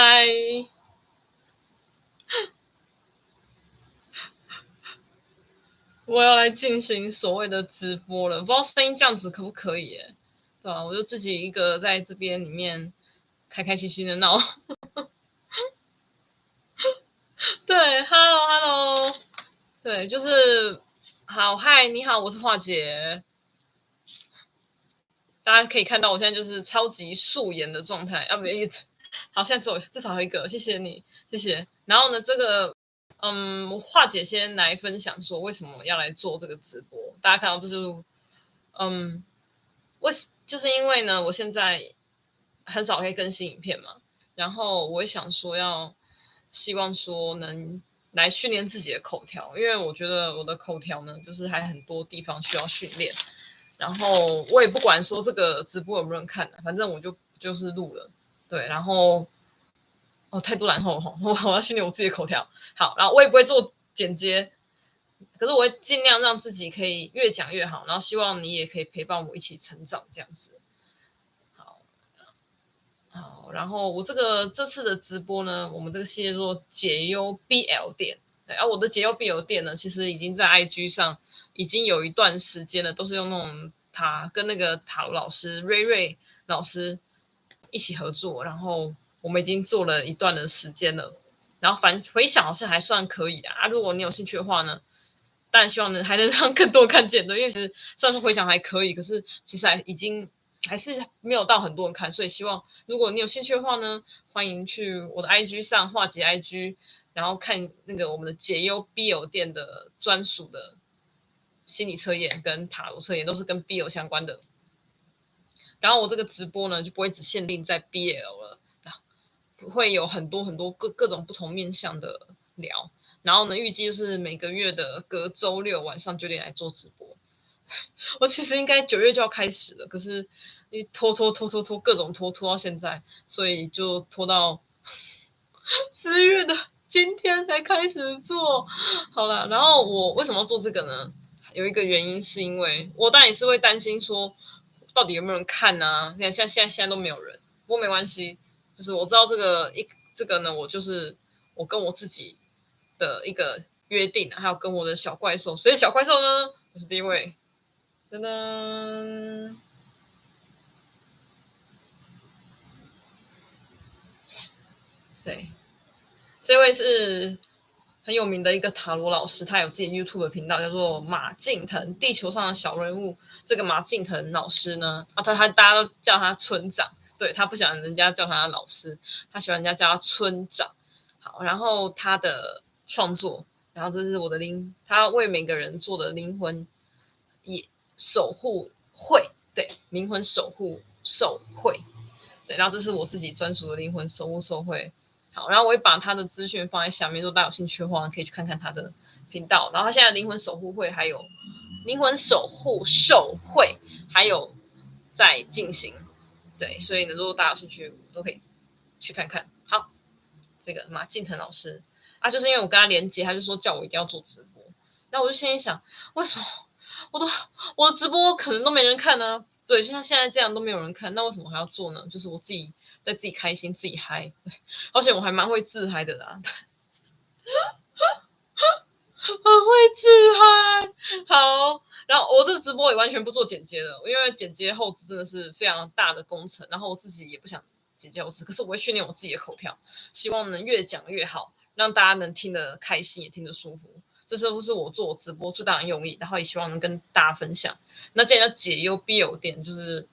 嗨，我要來進行所謂的直播了，不知道聲音這樣子可不可以，對吧？我就自己一個在這邊裡面開開心心的鬧。 對，哈嘍哈嘍。對，就是好嗨，Hi, 你好，我是樺姐。大家可以看到，我現在就是超級素顏的狀態啊，不好好，現在至少至少有一個，謝謝你，謝謝。然後呢，這個，嗯，樺姐先來分享說為什麼要來做這個直播。大家看到這就是，嗯，為什就是因為呢，我現在很少可以更新影片嘛。然後我也想說，要希望說能來訓練自己的口條，因為我覺得我的口條呢，就是還很多地方需要訓練。然後我也不管說這個直播有沒有人看，反正我就就是錄了。對，然後哦態度，然後我我要訓練我自己的口條，好，然後我也不會做剪接，可是我會盡量讓自己可以越講越好，然後希望你也可以陪伴我一起成長這樣子，好，好，然後我這個這次的直播呢，我們這個系列做姐憂 BL 店，然後、啊、我的姐憂 BL 店呢，其實已經在 IG 上已經有一段時間了，都是用那種塔跟那個塔羅老師、瑞瑞老師。一起合作，然後我們已經做了一段的時間了，然後反回響好像還算可以的啊。如果你有興趣的話呢，當然希望能還能讓更多人看見的，因為其實算是回響還可以，可是其實還已經還是沒有到很多人看，所以希望如果你有興趣的話呢，歡迎去我的 IG 上樺姐 IG，然後看那個我們的姐憂 BL 店的專屬的心理測驗跟塔羅測驗，都是跟 BL 相關的。然後我這個直播呢，就不會只限定在 BL 了，會有很多很多各各種不同面向的聊。然後呢，預計就是每個月的隔周六晚上九點來做直播。我其實應該九月就要開始了，可是一拖拖拖拖拖各種拖，拖到現在，所以就拖到十月的今天才開始做好了。然後我為什麼要做這個呢？有一個原因是因為我當然也是會擔心說。到底有沒有人看呢、啊？你看，像現在現在，現在都沒有人，不過沒關係，就是我知道這個一這個呢，我就是我跟我自己的一個約定還有跟我的小怪獸，誰是小怪獸呢，就是這一位，噔噔，對，這位是。很有名的一個塔羅老師，他有自己的 YouTube 的頻道，叫做馬敬騰。地球上的小人物，這個馬敬騰老師呢，啊，他，他大家都叫他村長，對，他不喜歡人家叫他老師，他喜歡人家叫他村長。好，然後他的創作，然後這是我的靈，他為每個人做的靈魂也守護會，對，靈魂守護守會，對，然後這是我自己專屬的靈魂守護守會。好，然後我會把他的資訊放在下面，如果大家有興趣的話，可以去看看他的頻道。然後他現在靈魂守護會還有靈魂守護受會還有在進行，對，所以呢，如果大家有興趣我都可以去看看。好，這個馬敬騰老師啊，就是因為我跟他連接，他就說叫我一定要做直播，那我就心裡想，為什麼我都我直播可能都沒人看呢、啊？對，就像現在這樣都沒有人看，那為什麼還要做呢？就是我自己。自己開心，自己嗨，而且我還蠻會自嗨的啦，對 很會自嗨。好，然後、哦、我這個直播也完全不做剪接的，因為剪接後置真的是非常大的工程，然後我自己也不想剪接後置。可是我會訓練我自己的口條，希望能越講越好，讓大家能聽得開心，也聽得舒服。這是不是我做直播最大的用意？然後也希望能跟大家分享。那既然要姐憂 BL 店就是。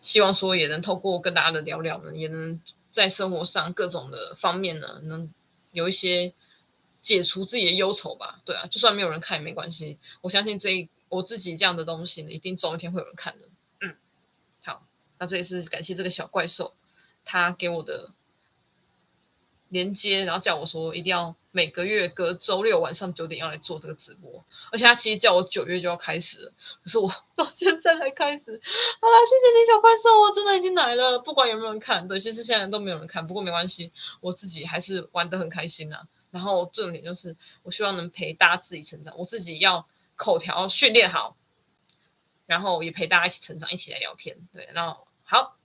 希望說也能透過跟大家的聊聊呢，也能在生活上各種的方面呢，能有一些解除自己的憂愁吧。對啊，就算沒有人看也沒關係，我相信這一我自己這樣的東西呢，一定總有一天會有人看的。嗯，好，那這也是感謝這個小怪獸，他給我的連接，然後叫我說一定要。每個月隔周六晚上九點要來做這個直播，而且他其實叫我九月就要開始，可是我到現在才開始。好了，謝謝你小怪獸，我真的已經來了，不管有沒有人看，對，其實現在都沒有人看，不過沒關係，我自己還是玩得很開心吶、啊。然後重點就是，我希望能陪大家一起成長，我自己要口條訓練好，然後也陪大家一起成長，一起來聊天。對，然後好，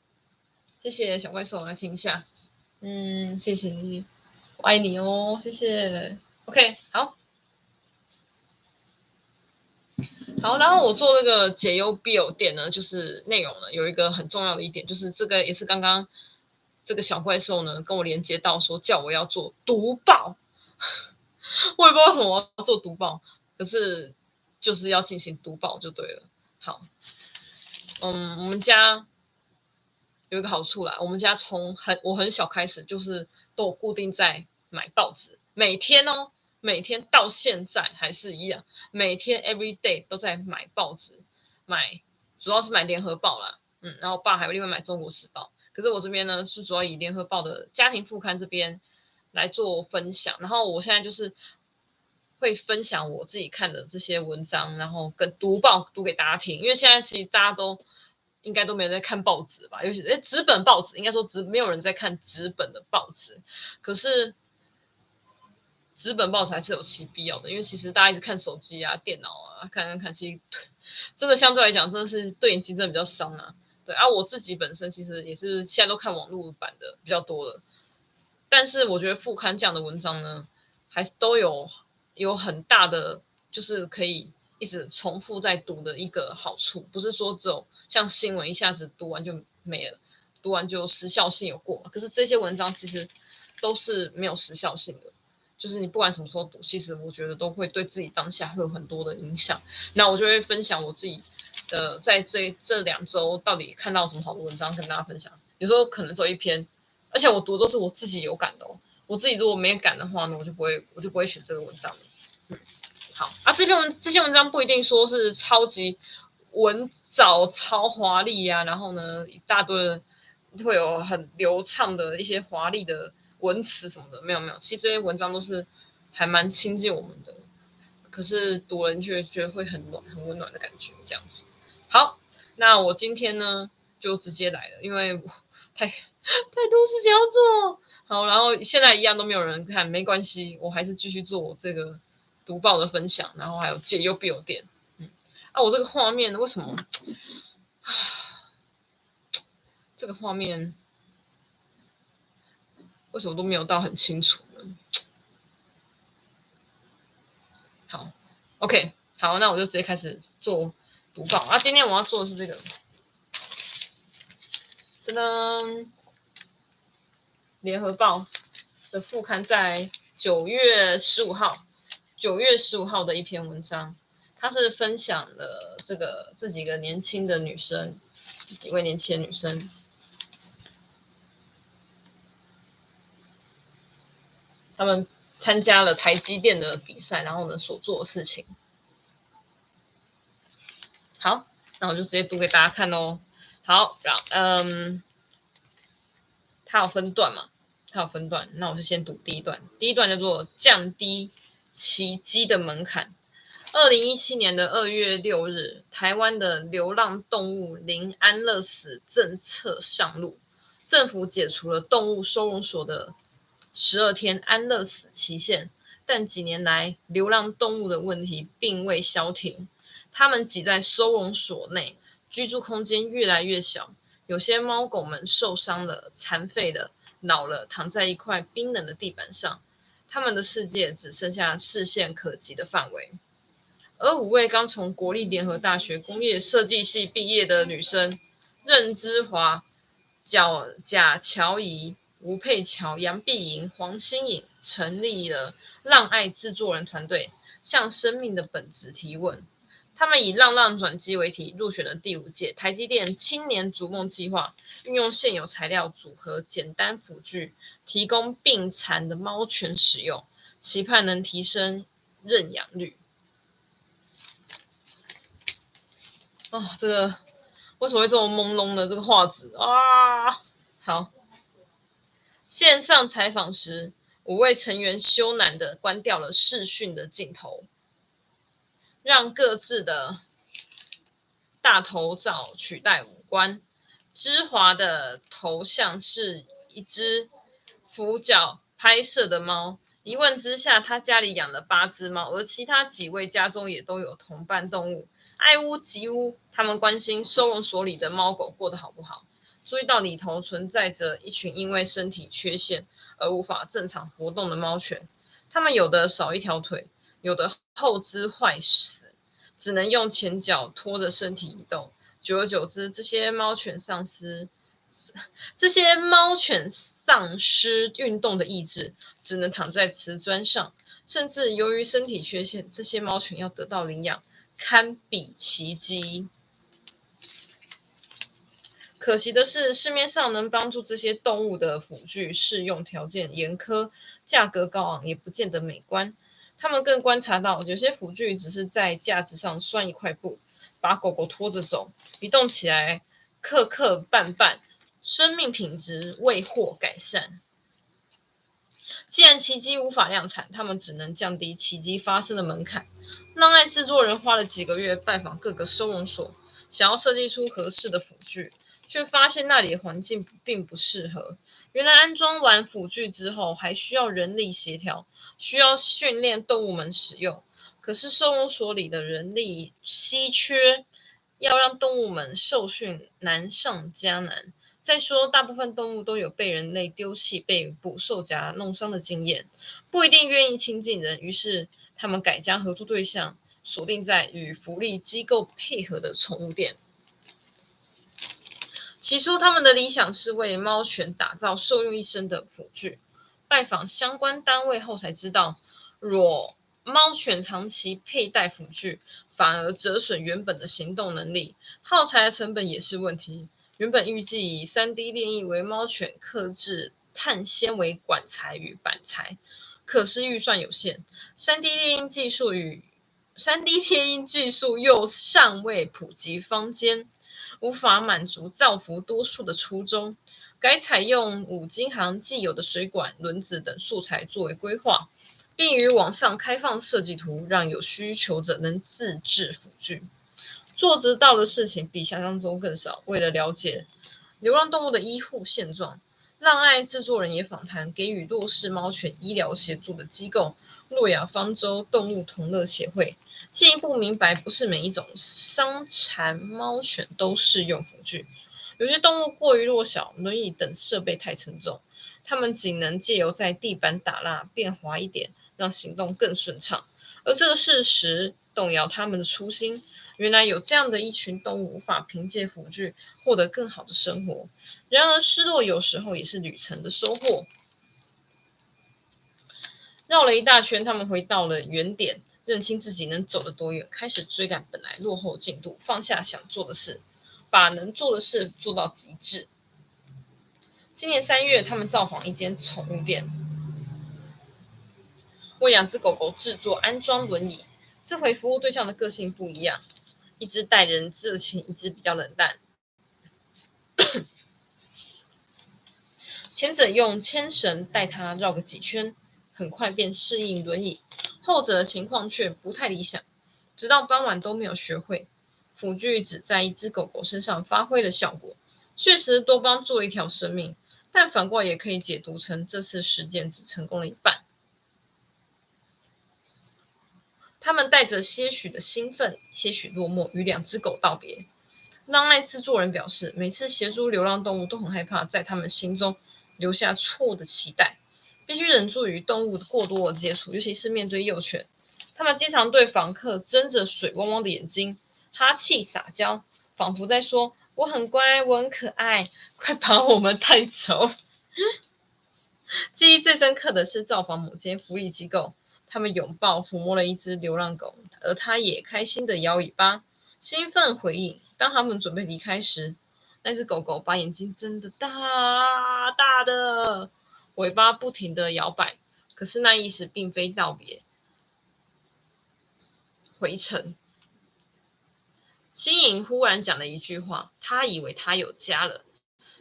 謝謝小怪獸來聽一下，嗯，謝謝你。愛你哦，謝謝。OK，好，好。然後我做這個姐憂 BL 店呢，就是內容呢有一個很重要的一點，就是這個也是剛剛這個小怪獸呢跟我連接到說叫我要做讀報， 我也不知道為什麼要做讀報，可是就是要進行讀報就對了。好，嗯，我們家有一個好處啦，我們家從很我很小開始就是都有固定在。買報紙，每天哦，每天到現在還是一樣，每天 every day 都在買報紙，買主要是買《聯合報》啦，嗯，然後爸還有另外買《中國時報》，可是我這邊呢是主要以《聯合報》的家庭副刊這邊來做分享，然後我現在就是會分享我自己看的這些文章，然後跟讀報讀給大家聽，因為現在其實大家都應該都沒有在看報紙吧，尤其哎紙本報紙應該說紙沒有人在看紙本的報紙，可是，紙本報紙是有其必要的，因為其實大家一直看手機啊、電腦啊，看看看，其實真的相對來講，真的是對眼睛真的比較傷啊。對啊，我自己本身其實也是現在都看網絡版的比較多了，但是我覺得副刊這樣的文章呢，還是都有有很大的，就是可以一直重複在讀的一個好處，不是說只有像新聞一下子讀完就沒了，讀完就時效性有過，可是這些文章其實都是沒有時效性的。就是你不管什麼時候讀，其實我覺得都會對自己當下會有很多的影響。那我就會分享我自己的，在這這兩週到底看到什麼好的文章跟大家分享。有時候可能只有一篇，而且我讀的都是我自己有感的哦。我自己如果沒感的話呢，我就不會我就不會寫這個文章了。嗯，好啊，這篇文，這篇文這些文章不一定說是超級文藻超華麗呀，啊，然後呢，一大堆會有很流暢的一些華麗的。文詞什麼的沒有沒有，其實這些文章都是還蠻親近我們的，可是讀完卻覺得會很暖，很溫暖的感覺這樣子。好，那我今天呢就直接來了，因為我太太多事情要做。好，然後現在一樣都沒有人看，沒關係，我還是繼續做我這個讀報的分享，然後還有姐憂 BL 店。嗯，啊，我這個畫面為什麼？這個畫面。為什麼都沒有到很清楚呢？好，OK，好，那我就直接開始做讀報啊。今天我要做的是這個，噔噔，聯合報的副刊在九月十五號，九月十五號的一篇文章，它是分享了這個這幾個年輕的女生，幾位年輕的女生。他們參加了台積電的比賽，然後呢，所做的事情。好，那我就直接讀給大家看哦。好，然後嗯，它有分段嘛？它有分段，那我就先讀第一段。第一段叫做“降低奇蹟的門檻”。二零一七年的二月六日，臺灣的流浪動物零安樂死政策上路，政府解除了動物收容所的。十二天安樂死期限，但幾年來流浪動物的問題並未消停。它們擠在收容所內，居住空間越來越小。有些貓狗們受傷了、殘廢了、老了，躺在一塊冰冷的地板上，他們的世界只剩下視線可及的範圍。而五位剛從國立聯合大學工業設計系畢業的女生，任之華、蔣賈喬怡。吳佩橋、楊碧瑩、黃星穎成立了“浪愛”製作人團隊，向生命的本質提問。他們以“浪浪轉機”為題，入選了第五屆台積電青年逐夢計劃，運用現有材料組合簡單輔具，提供病殘的貓犬使用，期盼能提升認養率。啊，這個為什麼會這麼朦朧的這個畫質啊？好。線上採訪時，五位成員羞赧的關掉了視訊的鏡頭，讓各自的大頭照取代五官。芝華的頭像是一隻俯角拍攝的貓，一問之下，他家裡養了八隻貓，而其他幾位家中也都有同伴動物，愛屋及烏，他們關心收容所裡的貓狗過得好不好。注意到裡頭存在着一群因為身體缺陷而無法正常活動的貓犬，它們有的少一條腿，有的後肢壞死，只能用前腳拖着身體移動。久而久之，這些貓犬喪失這些貓犬喪失運動的意志，只能躺在瓷磚上。甚至由於身體缺陷，這些貓犬要得到領養，堪比奇蹟。可惜的是，市面上能幫助這些動物的輔具適用條件嚴苛，價格高昂，也不見得美觀。他們更觀察到，有些輔具只是在架子上拴一塊布，把狗狗拖着走，移動起來磕磕絆絆，生命品質未獲改善。既然奇蹟無法量產，他們只能降低奇蹟發生的門檻。讓愛製作人花了幾個月拜訪各個收容所，想要設計出合適的輔具。卻發現那裡的環境並不適合。原來安裝完輔具之後，還需要人力協調，需要訓練動物們使用。可是收容所裡的人力稀缺，要讓動物們受訓難上加難。再說，大部分動物都有被人類丟棄、被捕獸夾弄傷的經驗，不一定願意親近人。於是，他們改將合作對象鎖定在與福利機構配合的寵物店。起初，他們的理想是為貓犬打造受用一生的輔具。拜訪相關單位後才知道，若貓犬長期佩戴輔具，反而折損原本的行動能力，耗材的成本也是問題。原本預計以 3D 列印為貓犬客製碳纖維管材與板材，可是預算有限，3D 列印技術與 3D 列印技術又尚未普及坊間。無法滿足造福多數的初衷，改採用五金行既有的水管、輪子等素材作為規劃，並於網上開放設計圖，讓有需求者能自製輔具。做得到的事情比想象中更少。為了了解流浪動物的醫護現狀。讓愛制作人也訪談給予弱勢貓犬醫療協助的機構——諾亞方舟動物同樂協會，進一步明白，不是每一種傷殘貓犬都適用輔具。有些動物過於弱小，輪椅等設備太沉重，它們僅能借由在地板打蠟變滑一點，讓行動更順暢。而這個事實動搖他們的初心。.原來有這樣的一群動物，無法憑借輔具獲得更好的生活。然而，失落有時候也是旅程的收穫。繞了一大圈，他們回到了原點，認清自己能走得多遠，開始追趕本來落後的進度，放下想做的事，把能做的事做到極致。今年三月，他們造訪一間寵物店，為兩隻狗狗製作安裝輪椅。這回服務對象的個性不一樣。一隻待人熱情，一隻比較冷淡。 前者用牽繩帶它繞個幾圈，很快便適應輪椅；後者的情況卻不太理想，直到傍晚都沒有學會。輔具只在一隻狗狗身上發揮了效果，確實多幫助一條生命，但反過來也可以解讀成這次實踐只成功了一半。他們帶着些許的興奮、些許落寞，與兩隻狗道別。讓奈制作人表示，每次協助流浪動物都很害怕，在他們心中留下錯誤的期待，必須忍住與動物的過多的接觸，尤其是面對幼犬，他們經常對房客睜着水汪汪的眼睛，哈氣撒嬌，仿佛在說：“我很乖，我很可愛，快把我們帶走。”記憶最深刻的是造訪某間福利機構。他們擁抱，撫摸了一隻流浪狗，而他也開心的搖尾巴，興奮回應。當他們準備離開時，那隻狗狗把眼睛睜得大大的，尾巴不停的搖擺。可是那意思並非道別。回程，星穎忽然講了一句話，他以為他有家了。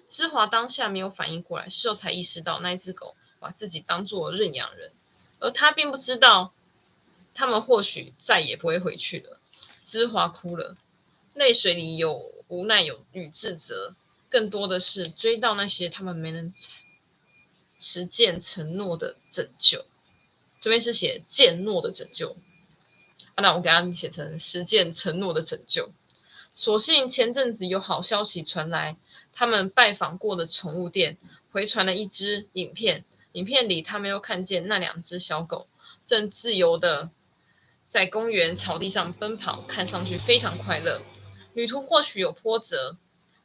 詩華當下沒有反應過來，事後才意識到那隻狗把自己當作認養人。而他並不知道，他們或許再也不會回去了。芝華哭了，淚水裡有無奈，有與自責，更多的是追悼那些他們沒能實踐承諾的拯救。這邊是寫踐諾的拯救，啊，那我給他們寫成實踐承諾的拯救。所幸前陣子有好消息傳來，他們拜訪過的寵物店回傳了一支影片。影片裡，他們又看見那兩隻小狗正自由地在公園草地上奔跑，看上去非常快樂。旅途或許有波折，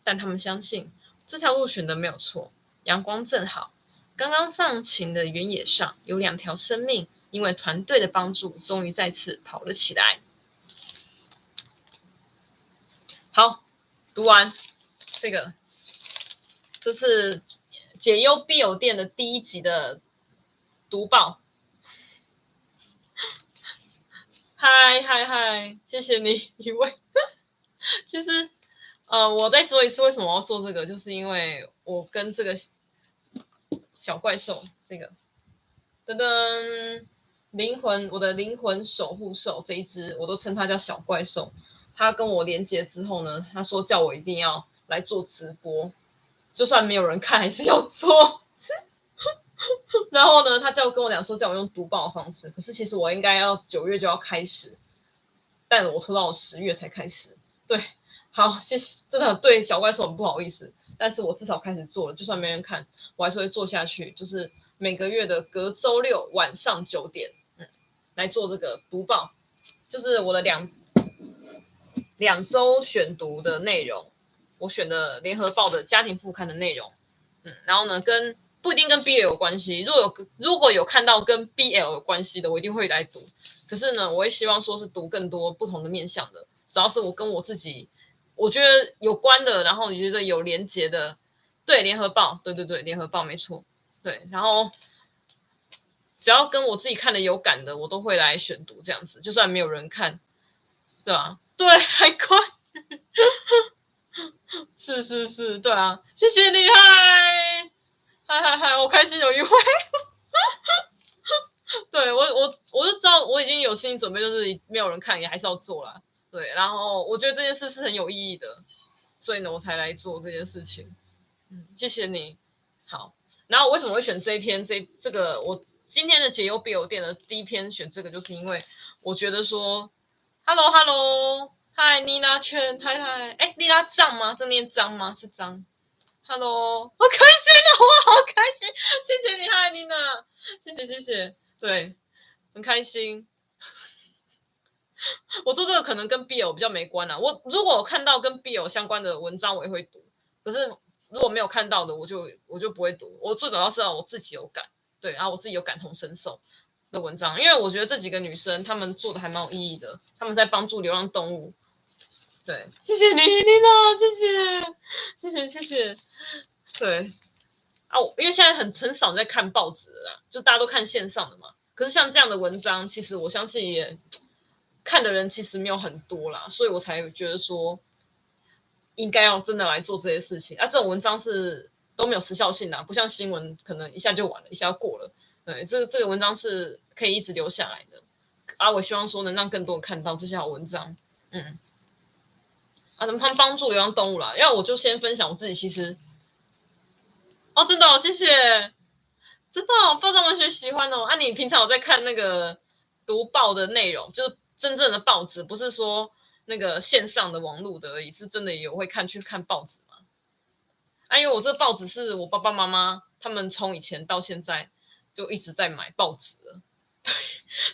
但他們相信這條路選的沒有錯。陽光正好，剛剛放晴的原野上有兩條生命，因為團隊的幫助，終於再次跑了起來。好，讀完這個，這是。姐憂 BL 店的第一集的讀報。嗨嗨嗨，謝謝你，一位。 其實，呃，我再說一次，為什麼要做這個，就是因為我跟這個小怪獸，這個噔噔靈魂，我的靈魂守護獸這一只，我都稱它叫小怪獸。它跟我連接之後呢，它說叫我一定要來做直播。就算沒有人看，還是要做。 然後呢，他叫我跟我講說，叫我用讀報的方式。可是其實我應該要九月就要開始，但我拖到十月才開始。對，好，謝謝。真的對小怪獸很不好意思，但是我至少開始做了。就算沒人看，我還是會做下去。就是每個月的隔周六晚上九點，嗯，來做這個讀報，就是我的兩兩周選讀的內容。我選的《聯合報》的家庭副刊的內容，嗯，然後呢，跟不一定跟 BL 有關係。如果有如果有看到跟 BL 有關係的，我一定會來讀。可是呢，我也希望說是讀更多不同的面向的，只要是我跟我自己我覺得有關的，然後你覺得有連接的。對，《聯合報》，對對對，《聯合報》沒錯。對，然後只要跟我自己看的有感的，我都會來選讀這樣子，就算沒有人看，對吧？對，還快。 是是是，對啊，謝謝你，嗨嗨嗨,嗨，我開心有一回， 對我我我就知道我已經有心理準備，就是沒有人看也還是要做啦，對，然後我覺得這件事是很有意義的，所以呢我才來做這件事情，嗯，謝謝你，好，然後為什麼會選這一篇這一這個我今天的姐憂 BL 店的第一篇選這個，就是因為我覺得說，Hello Hello。哈嘍哈嘍嗨、欸，妮娜圈，嗨嗨，哎，妮娜髒嗎？這念髒嗎？是髒。Hello，我開心了、哦，我好開心， 謝謝你，嗨，妮娜，謝謝謝謝，對，很開心。 我做這個可能跟 B 友比較沒關啊。我如果我看到跟 B 友相關的文章，我也會讀。可是如果沒有看到的，我就我就不會讀。我最主要是我自己有感，對，然、啊、後我自己有感同身受的文章，因為我覺得這幾個女生她們做的還蠻有意義的，她們在幫助流浪動物。對，謝謝你，琳娜，謝謝，謝謝，謝謝。對，啊，我因為現在很很少在看報紙了，就大家都看線上的嘛。可是像這樣的文章，其實我相信也看的人其實沒有很多啦，所以我才覺得說應該要真的來做這些事情啊。這種文章是都沒有時效性的，不像新聞可能一下就完了，一下就過了。對，這這個文章是可以一直留下來的。啊、啊、我希望說能讓更多人看到這些好文章，嗯。啊，怎麼他們幫助流浪動物啦！要我就先分享我自己，其實哦，真的、哦，謝謝，真的、哦，爆炸文學喜歡哦。啊，你平常有在看那個讀報的內容，就是真正的報紙，不是說那個線上的網絡的而已，是真的有會看去看報紙嗎？啊，因為我這報紙是我爸爸媽媽他們從以前到現在就一直在買報紙了。對，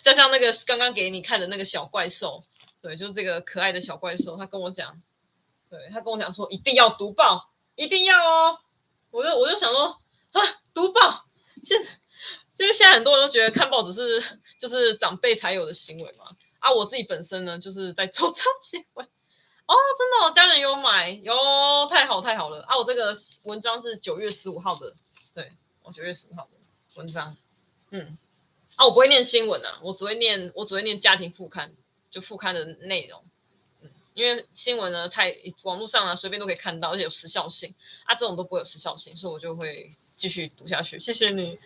加上那個剛剛給你看的那個小怪獸，對，就是這個可愛的小怪獸，他跟我講。對他跟我講說，一定要讀報，一定要哦。我就我就想說啊，讀報現就是現在很多人都覺得看報紙是就是長輩才有的行為嘛。啊，我自己本身呢就是在做這些哦，真的、哦，我家人有買，有太好太好了啊。我這個文章是九月十五號的，對，我九月十五號的文章，嗯，啊，我不會念新聞的、啊，我只會念我只會念家庭副刊，就副刊的內容。因為新聞呢太網絡上啊，隨便都可以看到，而且有時效性啊，這種都不會有時效性，所以我就會繼續讀下去。謝謝你，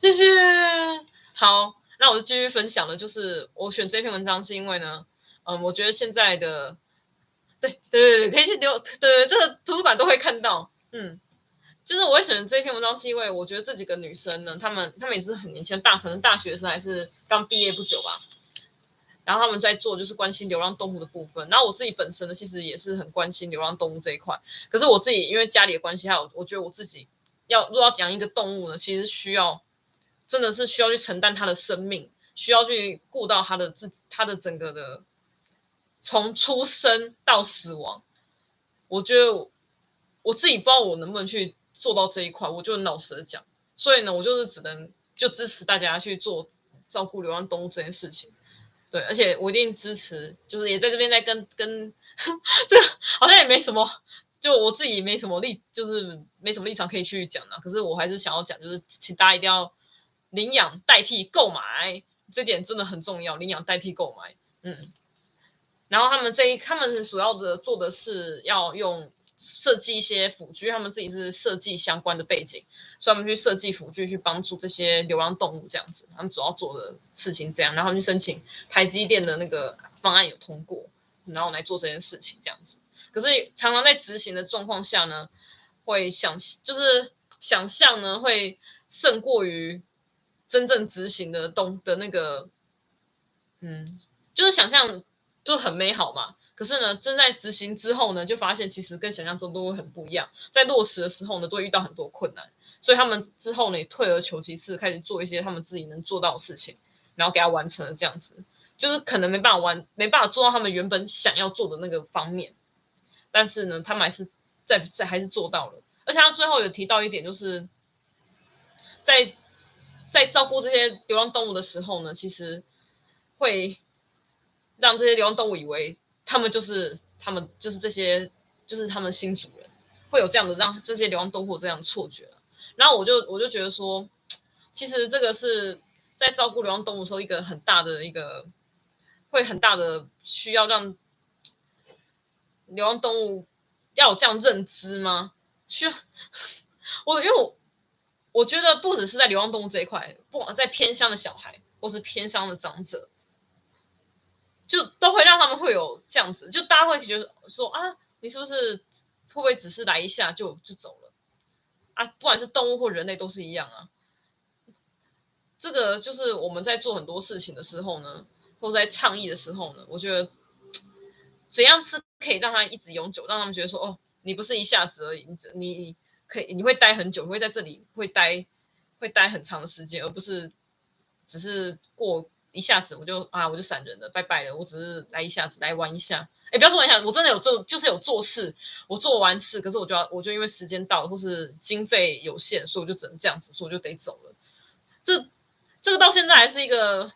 謝謝。好，那我就繼續分享了。就是我選這篇文章是因為呢，嗯，我覺得現在的對對對對，可以去丟對，對這個圖書館都會看到。嗯，就是我會選這篇文章是因為我覺得這幾個女生呢，她們她們也是很年輕，大可能大學生還是剛畢業不久吧。然後他們在做就是關心流浪動物的部分，然後我自己本身呢，其實也是很關心流浪動物這一塊。可是我自己因為家裡的關係，還有我覺得我自己要如果要講一個動物呢，其實需要真的是需要去承擔它的生命，需要去顧到它的自它的整個的從出生到死亡。我覺得我自己不知道我能不能去做到這一塊，我就老實的講，所以呢，我就是只能就支持大家去做照顧流浪動物這件事情。對，而且我一定支持，就是也在這邊在跟跟，跟這個、好像也沒什麼，就我自己沒什麼立，就是沒什麼立場可以去講啦、啊。可是我還是想要講，就是請大家一定要領養代替購買，這點真的很重要，領養代替購買，嗯。然後他們這一，他們主要的做的是要用。設計一些輔具，他們自己是設計相關的背景，所以他們去設計輔具去幫助這些流浪動物這樣子。他們主要做的事情這樣，然後他們去申請台積電的那個方案有通過，然後來做這件事情這樣子。可是常常在執行的狀況下呢，會想就是想象呢會勝過於真正執行的動的那個，嗯，就是想象就很美好嘛。可是呢，正在執行之後呢，就發現其實跟想象中都會很不一樣，在落實的時候呢，都會遇到很多困難，所以他們之後呢，也退而求其次，開始做一些他們自己能做到的事情，然後給他完成了這樣子，就是可能沒辦法完，沒辦法做到他們原本想要做的那個方面，但是呢，他們還是在在，在還是做到了，而且他最後有提到一點，就是在在照顧這些流浪動物的時候呢，其實會讓這些流浪動物以為。他們就是他們就是這些就是他們新主人，會有這樣的讓這些流浪動物這樣錯覺，然後我就我就覺得說，其實這個是在照顧流浪動物的時候一個很大的一個會很大的需要讓流浪動物要有這樣認知嗎？需要，我因為我我覺得不只是在流浪動物這一塊，不管在偏鄉的小孩或是偏鄉的長者。就都會讓他們會有這樣子，就大家會覺得說啊，你是不是會不會只是來一下就就走了啊？不管是動物或人類都是一樣啊。這個就是我們在做很多事情的時候呢，或者在倡議的時候呢，我覺得怎樣是可以讓他一直永久，讓他們覺得說哦，你不是一下子而已，你只你可以你會待很久，會在這裡會待會待很長的時間，而不是只是過。一下子我就啊，我就閃人了，拜拜了。我只是來一下子，來玩一下。哎，不要說玩一下子，我真的有做，就是有做事。我做完事，可是我就要，我就因為時間到了，或是經費有限，所以我就只能這樣子，所以我就得走了。這這個到現在還是一個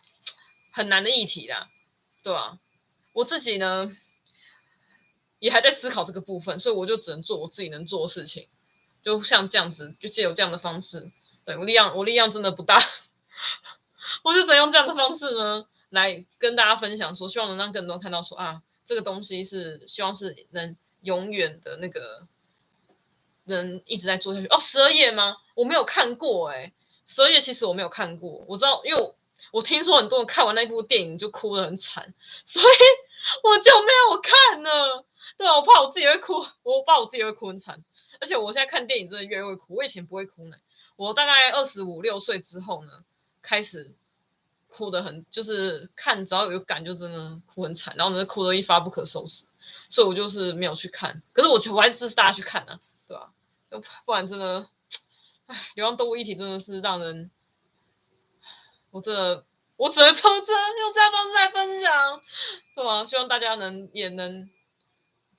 很難的議題啦，對吧？我自己呢也還在思考這個部分，所以我就只能做我自己能做的事情，就像這樣子，就藉由這樣的方式。對，我力量，我力量真的不大。我就怎樣用這樣的方式呢， 來跟大家分享說，希望能讓更多人看到說啊，這個東西是希望是能永遠的那個，能一直在做下去。哦，十二夜嗎？我沒有看過哎、欸，十二夜其實我沒有看過。我知道，因為我,我聽說很多人看完那部電影就哭得很慘，所以我就沒有看呢。對啊，我怕我自己會哭，我怕我自己會哭很慘。而且我現在看電影真的越來越哭，我以前不會哭的，我大概二十五六歲之後呢，開始。哭得很，就是看，只要有感就真的哭很慘，然後呢，哭得一發不可收拾，所以我就是沒有去看。可是我，我還是支持大家去看啊，對吧？不然真的，哎，流浪動物議題真的是讓人，我真的，我只能抽真用這樣方式來分享，對吧？希望大家能也能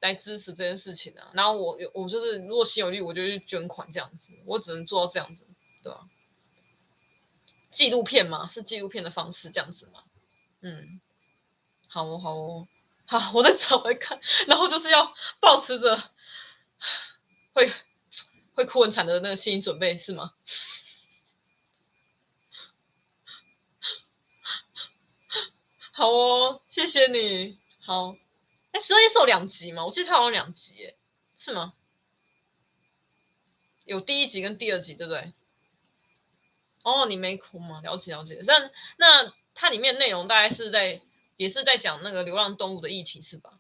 來支持這件事情啊。然後我，我就是如果心有餘力，我就去捐款這樣子，我只能做到這樣子，對吧？紀錄片嘛，是紀錄片的方式這樣子嘛，嗯，好哦，好哦，好，我再找來看，然後就是要抱持著會會哭很慘的那個心理準備是嗎？好哦，謝謝你。好，哎，十二夜是有兩集嗎？我記得它好像有兩集耶，是嗎？有第一集跟第二集，對不對？哦，你沒哭嗎？了解了解，但那它裡面的內容大概是在也是在講那個流浪動物的議題是吧？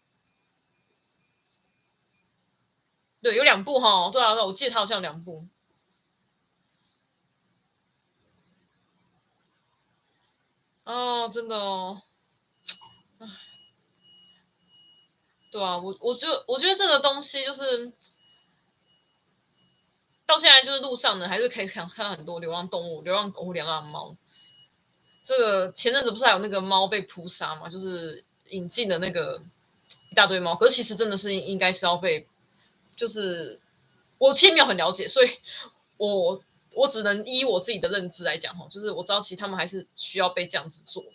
對，有兩部哈，對啊，對啊，我記得它好像有兩部。哦，真的哦，唉，對啊，我我就我覺得這個東西就是。到現在就是路上呢，還是可以看看到很多流浪動物，流浪狗、流浪貓、貓。這個前陣子不是還有那個貓被撲殺嗎？就是引進的那個一大堆貓，可是其實真的是應該是要被，就是我其實沒有很了解，所以我我只能依我自己的認知來講吼，就是我知道其實他們還是需要被這樣子做的，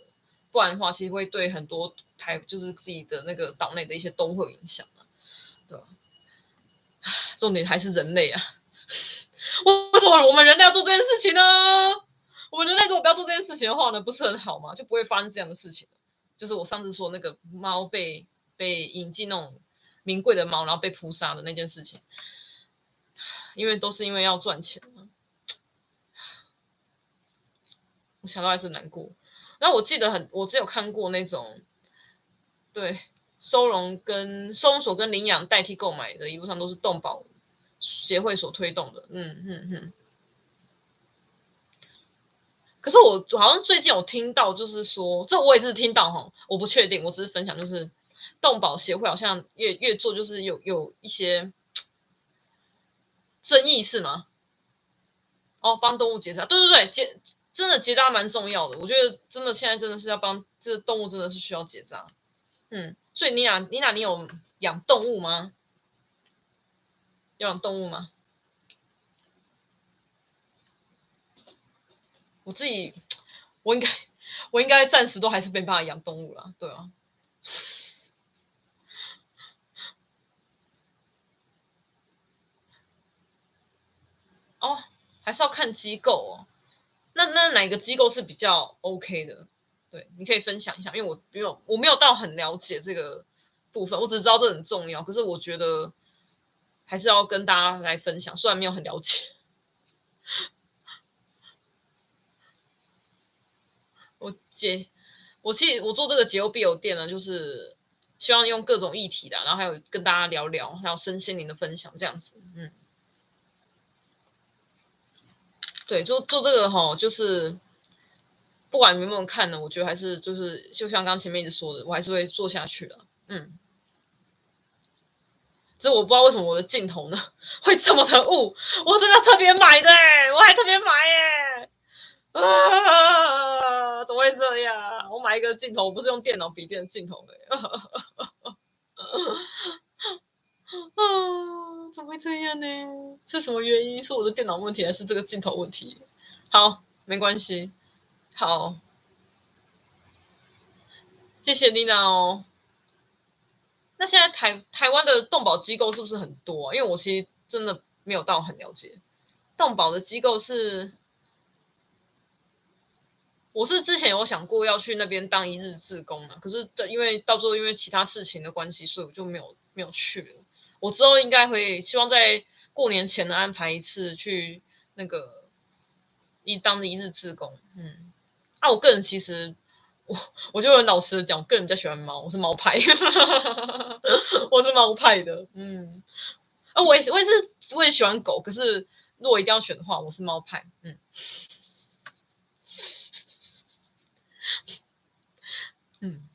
不然的話其實會對很多台，就是自己的那個島內的一些都會有影響啊，對吧？重點還是人類啊。我為什麼我們人類要做這件事情呢？我們人類如果不要做這件事情的話呢，不是很好嗎？就不會發生這樣的事情。就是我上次說的那個貓被被引進那種名貴的貓，然後被撲殺的那件事情，因為都是因為要賺錢嘛。我想到還是難過。然後我記得很，我只有看過那種，對，收容跟收容所跟領養代替購買的，一路上都是動保協會所推動的，嗯嗯嗯。可是我好像最近有聽到，就是說，這我也是聽到哈，我不確定，我只是分享，就是動保協會好像越越做，就是有有一些爭議是嗎？哦，幫動物結紮，對對對，結真的結紮蠻重要的，我覺得真的現在真的是要幫這個動物，真的是需要結紮。嗯，所以你倆你倆，你有養動物嗎？養動物嗎？我自己，我應該，我應該暫時都還是沒辦法養動物啦，對啊。哦，還是要看機構哦。那那哪個機構是比較 OK 的？對，你可以分享一下，因為我沒有，我沒有到很了解這個部分，我只知道這很重要，可是我覺得。還是要跟大家來分享，雖然沒有很了解。 我結，我其實我做這個姐憂 BL 店呢，就是希望用各種議題的，然後還有跟大家聊聊，還有身心靈的分享這樣子。嗯，對，做做這個吼、哦，就是不管你們有沒有看呢，我覺得還是就是就像剛剛前面一直說的，我還是會做下去的。嗯。所以我不知道為什麼我的鏡頭呢會這麼的霧，哦，我真的特別買的，欸，我還特別買耶，欸，啊，怎麼會這樣？我買一個鏡頭，我不是用電腦筆電的鏡頭哎，欸啊啊啊啊啊，怎麼會這樣呢？是什麼原因？是我的電腦問題還是這個鏡頭問題？好，沒關係，好，謝謝 Lina 哦。那現在台台灣的動保機構是不是很多啊？因為我其實真的沒有到很了解動保的機構是，我是之前有想過要去那邊當一日志工呢，可是對，因為到時候因為其他事情的關係，所以我就沒有沒有去了。我之後應該會希望在過年前安排一次去那個一當一日志工，嗯，啊，我個人其實。我，我就很老實的講，我個人比較喜歡貓，我是貓派， 我是貓派的。嗯，啊，我也是，我也是，我也喜歡狗。可是，如果一定要選的話，我是貓派。嗯，嗯，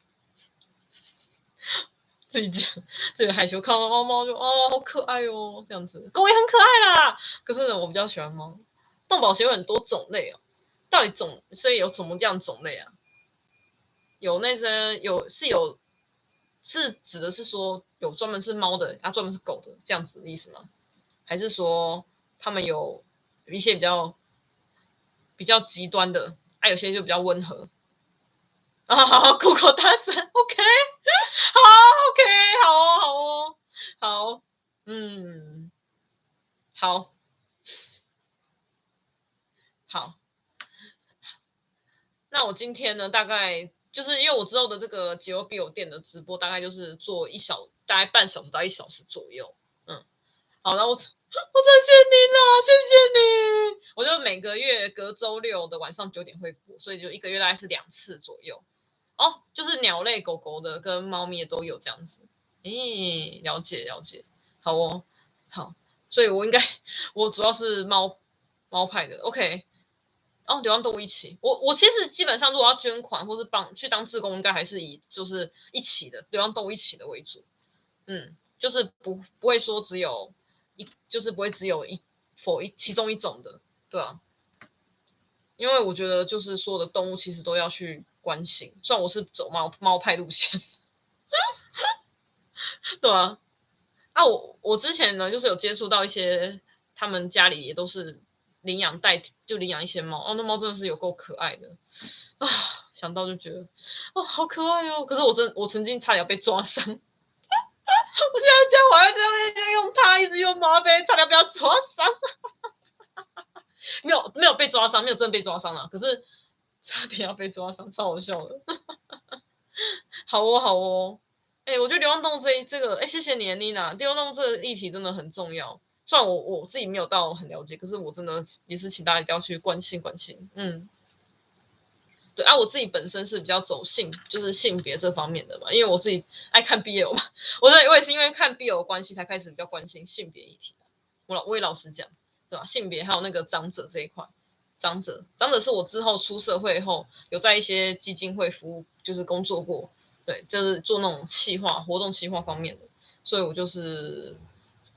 自己講，自己害羞。看到貓貓就哦，好可愛哦，這樣子，狗也很可愛啦。可是，我比較喜歡貓。動保協會有很多種類哦，到底種，所以有什麼樣種類啊？有那些，有是有是指的是說有專門是貓的，啊，專門是狗的這樣子的意思嗎？還是說他們有一些比較比較極端的，啊，有些就比較溫和啊、哦？好，好，狗狗大神 ，OK，好，OK，好哦，好哦，好哦，好，嗯，好，好，那我今天呢，大概。就是因為我知道的這個姐憂 BL 店的直播，大概就是做一小，大概半小時到一小時左右。嗯，好，那我我再謝謝你啦，謝謝你。我就每個月隔周六的晚上九點會播，所以就一個月大概是兩次左右。哦，就是鳥類、狗狗的跟貓咪的都有這樣子。誒，了解了解，好哦，好。所以我應該我主要是貓貓派的，OK。然後流浪動物一起，我我其實基本上如果要捐款或是幫去當志工，應該還是以就是一起的流浪動物一起的為主。嗯，就是不不會說只有一，就是不會只有一否一其中一種的，對啊。因為我覺得就是所有的動物其實都要去關心，雖然我是走貓貓派路線， 對啊。啊，我我之前呢就是有接觸到一些他們家裡也都是。領養代替就領養一些貓哦，那貓真的是有夠可愛的啊！想到就覺得，哦，好可愛哦！可是我真我曾經差點被抓傷， 我現在講我還這樣在用它，一直用貓杯，差點要不要抓傷， 沒有沒有被抓傷，沒有真的被抓傷了、啊，可是差點要被抓傷，超好笑的。好 哦好哦，哎、哦欸，我覺得流浪動物這這個，哎、欸，謝謝你啊，Nina，流浪動物這個議題真的很重要。雖然我我自己沒有到很了解，可是我真的也是請大家一定要去關心關心，嗯，對啊，我自己本身是比較走性，就是性別這方面的嘛。因為我自己愛看 BL 嘛，我真的我也是因為看 BL 的關係才開始比較關心性別議題。我老我也老實講，對吧？性別還有那個長者這一塊，長者長者是我之後出社會以後有在一些基金會服務，就是工作過，對，就是做那種企劃活動企劃方面的，所以我就是。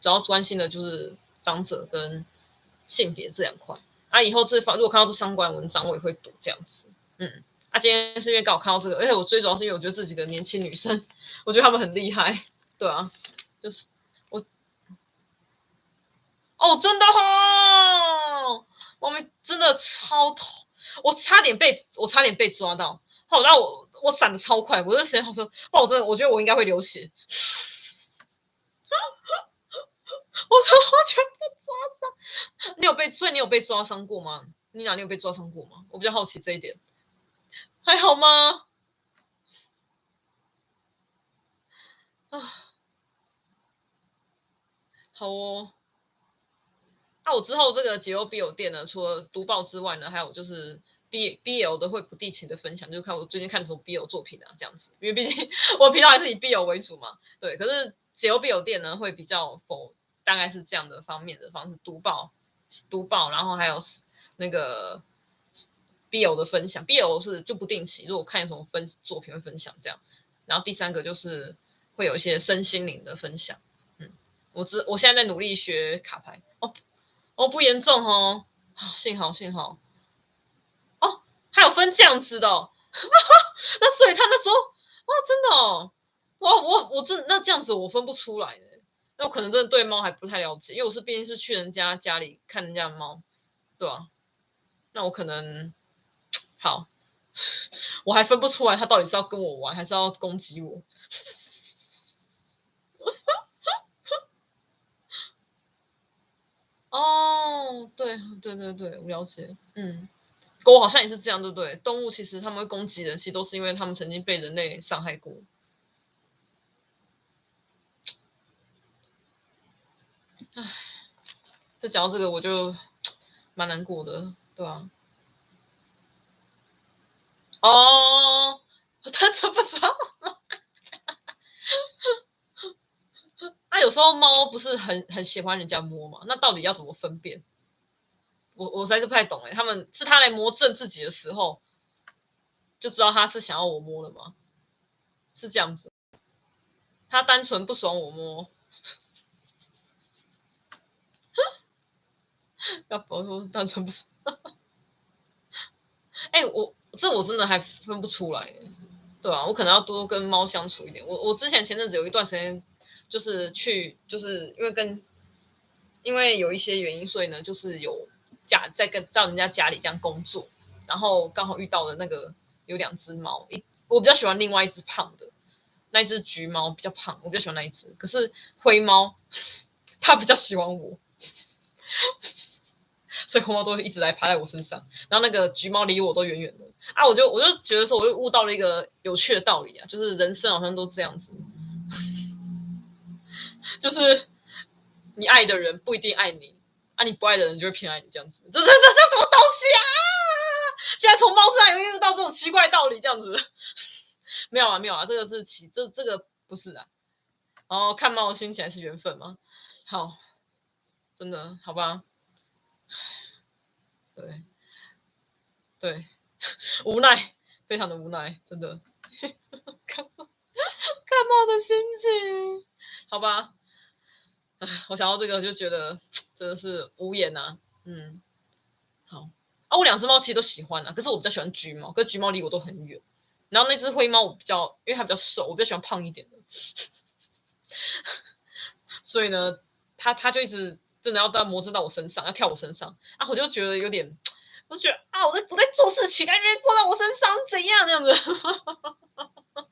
主要關心的就是長者跟性別這兩塊啊。以後這方如果看到這相關文章，我也會讀這樣子。嗯，啊，今天是因為剛好看到這個，而且我最主要是因為我覺得這幾個年輕女生，我覺得她們很厲害，對啊，就是我哦，真的哦，我們真的超痛，我差點被我差點被抓到。好、哦，那我我閃得超快，我這時間好說、哦，我真的我覺得我應該會流血。我都完全被抓傷，你有被？所以你有被抓傷過嗎？你倆你有被抓傷過嗎？我比較好奇這一點，還好嗎？啊，好哦。那、啊、我之後這個姐憂 BL 店呢，除了讀報之外呢，還有就是 BBL 的會不定期的分享，就是看我最近看的什麼 BL 作品啊，這樣子，因為畢竟我頻道還是以 BL 為主嘛。對，可是姐憂 BL 店呢，會比較否。大概是這樣的方面的方式，讀報、讀報，然後還有那個 BL 的分享，BL 是就不定期，如果看有什麼分作品會分享這樣。然後第三個就是會有一些身心靈的分享。嗯，我知，我現在在努力學卡牌。哦哦，不嚴重哦，幸好幸好。哦，還有分這樣子的、哦啊，那所以他那時候哦真的哦，我我，我真的那這樣子我分不出來的。那我可能真的對貓還不太了解，因為我是畢竟是去人家家裡看人家的貓，對吧？那我可能好，我還分不出來它到底是要跟我玩還是要攻擊我。哦、 oh，對對對對，我了解。嗯，狗好像也是這樣，對不對？動物其實他們會攻擊人，其實都是因為他們曾經被人類傷害過。唉，就講到這個我就蠻難過的，對吧、啊？哦，我單純不爽嗎？ 啊，有時候貓不是很很喜歡人家摸嘛？那到底要怎麼分辨？我我實在是不太懂誒、欸、他們是他來磨蹭自己的時候，就知道他是想要我摸的嗎？是這樣子，他單純不爽我摸。 要不然我說單純不是？哎、， 欸，我這我真的還分不出來，對吧、啊？我可能要多，多跟貓相處一點。我我之前前陣子有一段時間，就是去就是因為跟因為有一些原因，所以呢，就是有假在跟在人家家裡這樣工作，然後剛好遇到了那個有兩只貓，一我比較喜歡另外一只胖的，那只橘貓比較胖，我比較喜歡那一只。可是灰貓它比較喜歡我。 所以貓貓都會一直來趴在我身上，然後那個橘貓離我都遠遠的啊！我就我就覺得說，我又悟到了一個有趣的道理啊，就是人生好像都這樣子，就是你愛的人不一定愛你啊，你不愛的人就會偏愛你這樣子。這這這什麼東西啊！竟然啊從貓身上又遇到這種奇怪道理，這樣子。沒有啊沒有啊，這個是奇這這個不是啊。哦，看貓的心情還是緣分嘛。好，真的好吧。對，對，無奈，非常的無奈，真的， 看貓，看貓的心情，好吧，唉，我想到這個就覺得真的是無言吶，啊，嗯，好，啊，我兩隻貓其實都喜歡啊，可是我比較喜歡橘貓，可是橘貓離我都很遠，然後那隻灰貓我比較，因為它比較瘦，我比較喜歡胖一點的， 所以呢，它它就一直。然後要到魔怔到我身上，要跳我身上啊！我就覺得有點，我就覺得啊，我在我在做事情，感覺過到我身上怎樣那樣子？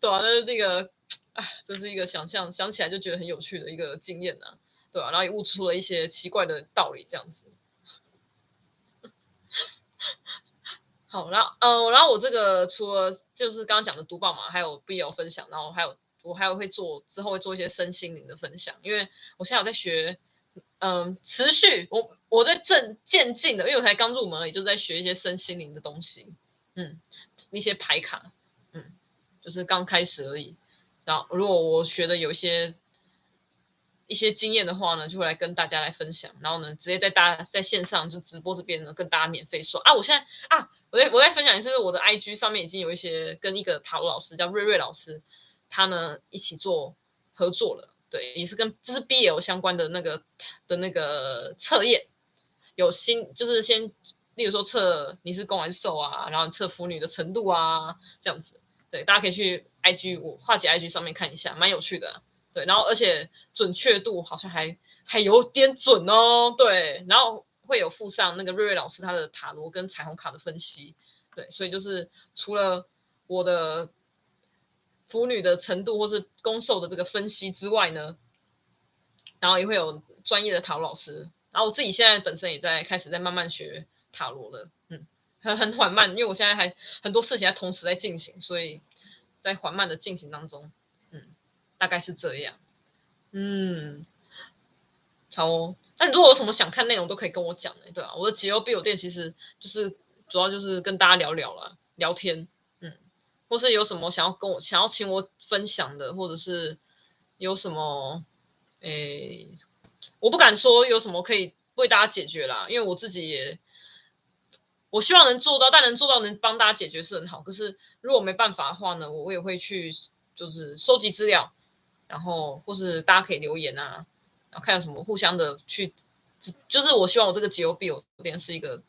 對啊，那是這個，哎，這是一個想象，想起來就覺得很有趣的一個經驗吶、啊，對啊，然後也悟出了一些奇怪的道理，這樣子。好，然後，呃，然後我這個除了就是剛剛講的讀報嘛，還有 BL 分享，然後還有。我還有會做之後會做一些身心靈的分享，因為我現在有在學，嗯、呃，持續我我在正漸進的，因為我才剛入門而已，就在學一些身心靈的東西，嗯，那些牌卡，嗯，就是剛開始而已。然後如果我學的有一些一些經驗的話呢，就會來跟大家來分享。然後呢，直接在大家在線上就直播這邊呢，跟大家免費說啊，我現在啊，我在我在分享的是我的 I G 上面已經有一些跟一個塔羅老師叫瑞瑞老師。他呢一起做合作了，對，也是跟就是 BL 相關的那個的那個測驗，有新就是先，例如說，測你是攻還是受啊，然後測腐女的程度啊，這樣子，對，大家可以去 IG 我樺姐 IG 上面看一下，蠻有趣的，對，然後而且準確度好像還還有點準哦，對，然後會有附上那個瑞瑞老師他的塔羅跟彩虹卡的分析，對，所以就是除了我的。腐女的程度，或是攻受的這個分析之外呢，然後也會有專業的塔羅老師。然後我自己現在本身也在開始在慢慢學塔羅了，嗯，很很緩慢，因為我現在還很多事情還在同時在進行，所以在緩慢的進行當中，嗯，大概是這樣，嗯，好哦。那如果有什麼想看內容，都可以跟我講的，欸，對吧？啊，我的姐憂 BL 店其實就是主要就是跟大家聊聊了，聊天。或是有什麼想要跟我想要請我分享的，或者是有什麼，誒、欸，我不敢說有什麼可以為大家解決啦，因為我自己也，我希望能做到，但能做到能幫大家解決是很好。可是如果沒辦法的話呢，我，我也會去就是收集資料，然後或是大家可以留言啊，然後看有什麼互相的去，就是我希望我這個姐憂 BL 有點是一個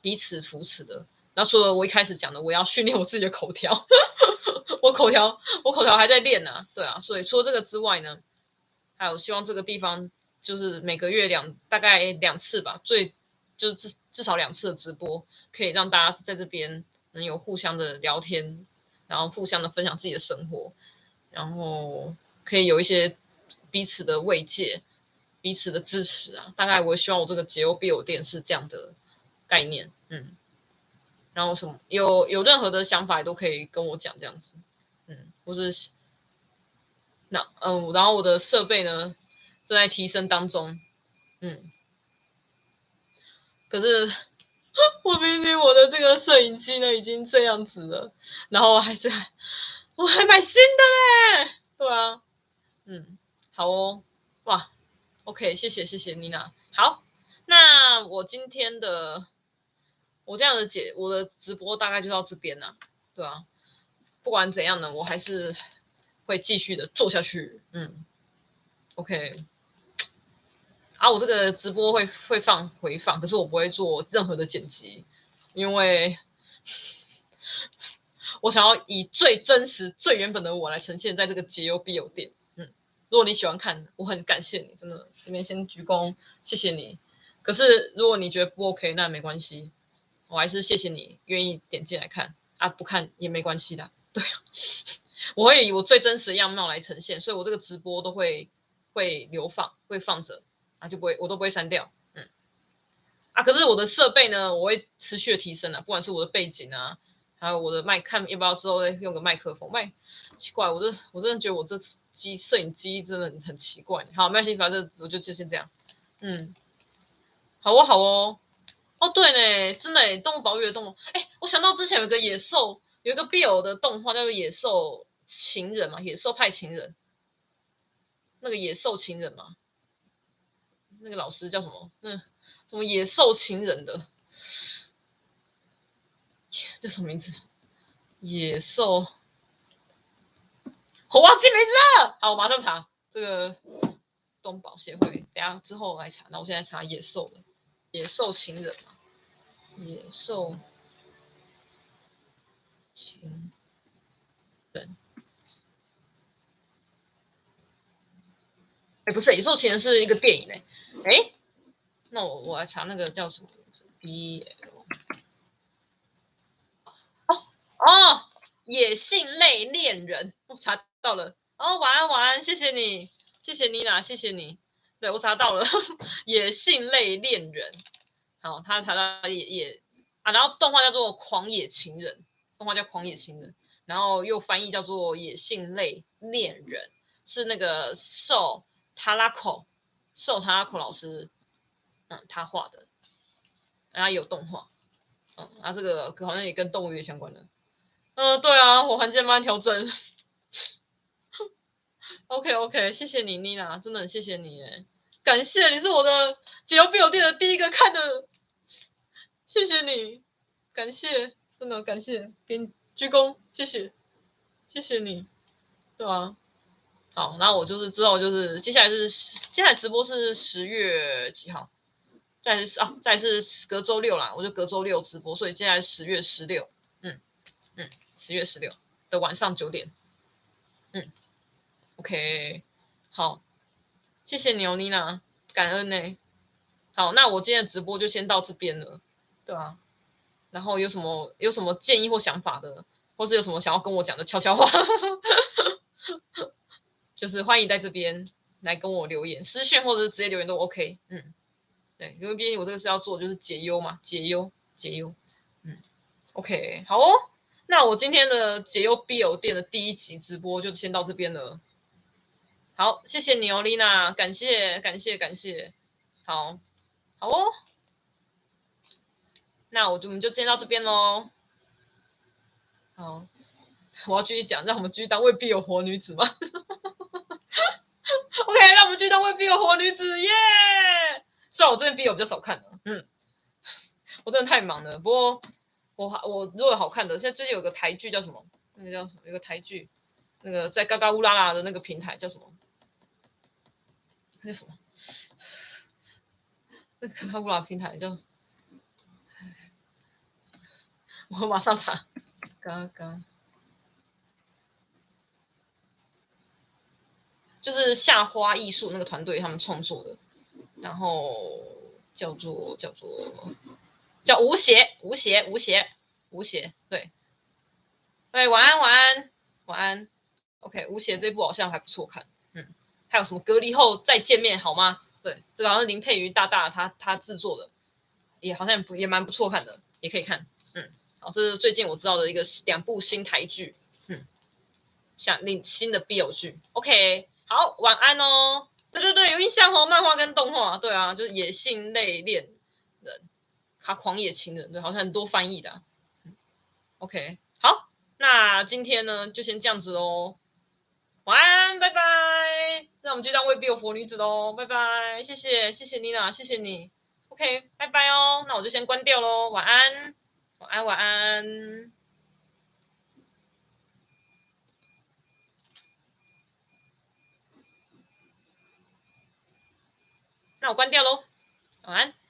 彼此扶持的。那除了我一開始講的，我要訓練我自己的口條， 我口條，我口條還在練呢、啊。對啊，所以除了這個之外呢，還有希望這個地方就是每個月兩大概兩次吧，最就是至,至少兩次的直播，可以讓大家在這邊能有互相的聊天，然後互相的分享自己的生活，然後可以有一些彼此的慰藉，彼此的支持啊。大概我也希望我這個姐憂 BL 店是這樣的概念，嗯。然後什麼有有任何的想法都可以跟我講這樣子，嗯，不是那嗯、呃，然後我的設備呢正在提升當中，嗯，可是我明明我的這個攝影機呢已經這樣子了，然後我還在，我還買新的嘞，對啊，嗯，好哦，哇，OK，謝謝謝謝妮娜，好，那我今天的。我這樣的解，我的直播大概就到這邊啦，對啊，不管怎樣呢，我還是會繼續的做下去。嗯，OK，啊，我這個直播會會放回放，可是我不會做任何的剪輯，因為我想要以最真實、最原本的我來呈現在這個姐憂 BL 店。嗯，如果你喜歡看，我很感謝你，真的，這邊先鞠躬，謝謝你。可是如果你覺得不 OK，那沒關係。我還是謝謝你願意點進來看啊，不看也沒關係的。對， 我會以我最真實的樣貌來呈現，所以我這個直播都會會留放，會放着啊，就不會，我都不會刪掉。嗯，啊，可是我的設備呢，我會持續的提升啊，不管是我的背景啊，還有我的麥，看要不要之後再用個麥克風麥。奇怪，我真，我真的覺得我這機攝影機真的很奇怪。好，沒關係，反正我就就先這樣。嗯，好哦，好哦。哦，對呢，真的，動物保育的動物。誒，我想到之前有個野獸，有一個 BL 的動畫叫做《野獸情人》嘛，《野獸派情人》那個野獸情人嘛，那個老師叫什麼？那個、什麼野獸情人的？叫什麼名字？野獸，我忘記名字了。好，我馬上查這個動保協會。等下之後我來查，那我現在查野獸了野獸情人嘛，野獸情人。哎，欸、不是、欸，野獸情人是一個電影。哎、欸，哎、欸，那我我來查那個叫什麼 BL 哦哦，野性類戀人，我查到了。哦，晚安晚安，謝謝你，謝謝你啦，謝謝你。對我查到了， 野性類戀人，好，他查到野也，也啊，然後動畫叫做《狂野情人》，動畫叫《狂野情人》，然後又翻譯叫做《野性類戀人》，是那個 Tarako，受塔拉口，受塔拉口老師，嗯，他畫的，然、啊、後有動畫，嗯，那、啊、這個好像也跟動物園相關的，嗯、呃，對啊，我還在慢慢調整。OK，OK，okay, okay, 謝謝你，妮娜，真的很謝謝你，哎，感謝你是我的姐憂 BL 店的第一個看的，謝謝你，感謝，真的感謝，給你鞠躬，謝謝，謝謝你，對啊。好，那我就是之後就是接下來是接下來直播是十月幾號？再是啊，再是隔周六啦，我就隔周六直播，所以現在十月十六、嗯，嗯嗯，十月十六的晚上九點，嗯。OK，好，謝謝你哦，Nina, 感恩呢。好，那我今天的直播就先到這邊了，對吧、啊？然後有什麼有什麼建議或想法的，或是有什麼想要跟我講的悄悄話， 就是歡迎在這邊來跟我留言、私訊或者是直接留言都 OK。嗯，對，因為畢竟我這個是要做的就是解憂嘛，解憂解憂。嗯，OK，好哦，那我今天的解憂 BL 店的第一集直播就先到這邊了。好，謝謝你哦，麗娜，感謝感謝感謝，好，好哦，那我就我們就先到這邊嘍，好，我要繼續講，讓我們繼續當為 BL 活的女子嗎 ？OK，讓我們繼續當為 BL 活的女子耶！Yeah! 雖然我這邊 B 友比較少看的，嗯，我真的太忙了，不過我我如果有好看的，現在最近有個台劇叫什麼？那個叫什麼？有個台劇，那個在嘎嘎烏拉拉的那個平台叫什麼？那什麼？那看看不個平台就。我馬上查。剛剛就是夏花藝術那個團隊他們創作的，然後叫做叫做叫吳邪，吳邪，吳邪，吳邪，對。哎，晚安，晚安，晚安。OK，吳邪這部好像還不錯看。還有什麼隔離後再見面好嗎？對，這個好像是林佩瑜大大他他制作的，也好像也蠻不錯看的，也可以看。嗯，好，這是最近我知道的一個兩部新台劇，嗯，像那新的 BL 劇，OK，好，晚安哦。對對對，有印象哦，漫畫跟動畫，對啊，就是野性內戀人，他狂野情人，對，好像很多翻譯的啊。OK，好，那今天呢就先這樣子哦。晚安，拜拜。那我們就這樣為 BL 活女子嘍，拜拜，謝謝，謝謝你啦，謝謝你。OK，拜拜哦。那我就先關掉嘍。晚安，晚安，晚安。那我關掉嘍。晚安。